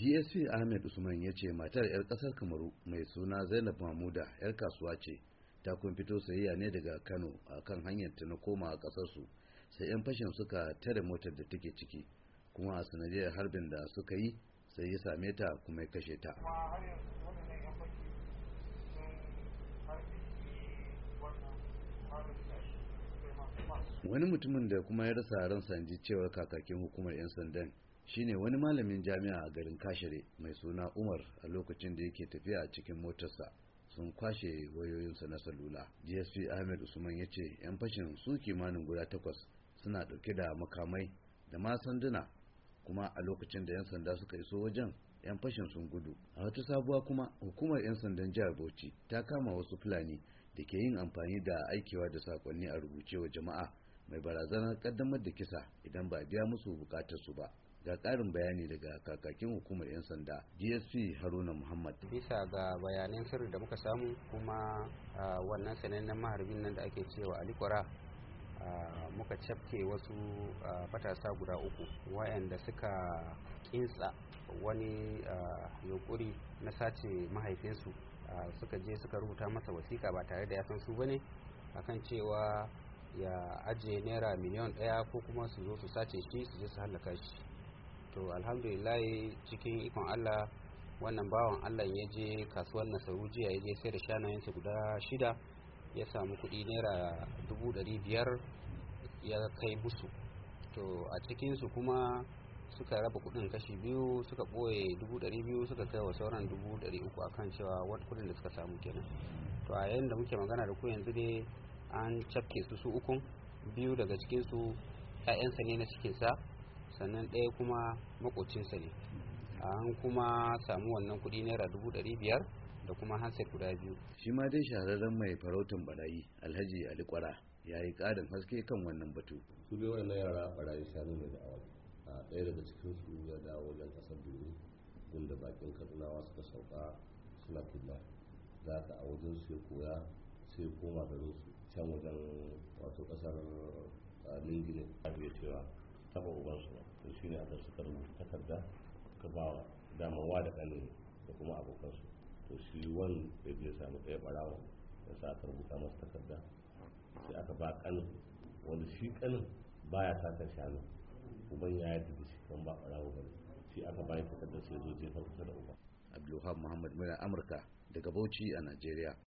dsp ahmed usman ya ce matar 'yar kasar kamaru mai suna zainab mahmuda 'yar kasuwa ce ta kun fito sayayya ne daga kano a kan hanyar ta na koma a su sai 'yan fashin suka tare motar da take ciki kuma a sanadiyar harbin da suka yi sai ya same ta kuma ya kashe ta wani mutumin da kuma ya rasa ran sanji cewar kakakin hukumar 'yan sandan shine wani malamin jami'a a garin kashere mai suna umar a lokacin da yake tafiya cikin motarsa sun kwashe wayoyinsa na salula dsp ahmed usman ya ce 'yan fashin su kimanin guda takwas suna ɗauke da makamai da ma sanduna kuma a lokacin da 'yan sanda suka iso wajen 'yan fashin sun gudu a wata sabuwa kuma hukumar 'yan sandan jihar bauchi ta kama wasu fulani da ke yin amfani da aikewa da sakonni a rubuce wa jama'a mai barazanar kaddamar da kisa idan ba biya musu bukatarsu ba ga ƙarin bayani daga kakakin hukumar 'yan sanda dsp haruna muhammad bisa ga bayanan sirri da muka samu kuma wannan sanannen maharbin nan da ake cewa alikwara muka cafke wasu matasa guda uku wayanda suka kinsa wani yunkuri na sace mahaifinsu suka je suka rubuta masa wasiƙa ba tare da ya san su bane akan cewa ya ajiye naira miliyan ɗaya ko kuma su zo su sace shi su je su hallaka shi to alhamdulillah cikin ikon allah wannan bawan allah ya je kasuwar nasaru jiya ya je sai da shanayensa guda shida ya samu kudi naira dubu biyar ya kai busu to a cikinsu kuma suka raba kudin kashi biyu suka boye dubu biyu suka kai wa sauran dubu uku akan cewa wani kudin da suka samu kenan to a yayin da muke magana da ku yanzu dai an cafke su su ukun biyu daga cikinsu 'ya'yansa ne na cikinsa sannan ɗaya kuma makocinsa ne an kuma samu wannan kuɗi naira dubu ɗari biyar da kuma hanset guda biyu shi ma dai shahararren mai farautan barayi alhaji ali kwara ya yi ƙarin haske kan wannan batu su dai wannan yara barayi shanu ne da a ɗaya daga cikin su ya dawo wajen ƙasar domin inda bakin kadunawa suka sauka suna killa za ka a wajen su ya koya sai koma garin su can wajen wato ƙasar ningine a cewa taɓa ubansu ba takarda ka ba wa damawa da kanin da kuma abokansu to shi wani da ya samu ɗaya ɓarawa da sa aka rubuta masa takarda sai aka ba kanin wanda shi kanin baya sakan shanu uban ya yi da shi kan ba ɓarawa ba shi aka bayan takardar sai zo jefa kusa da uba abdulwahab muhammad muna amurka daga bauchi a najeriya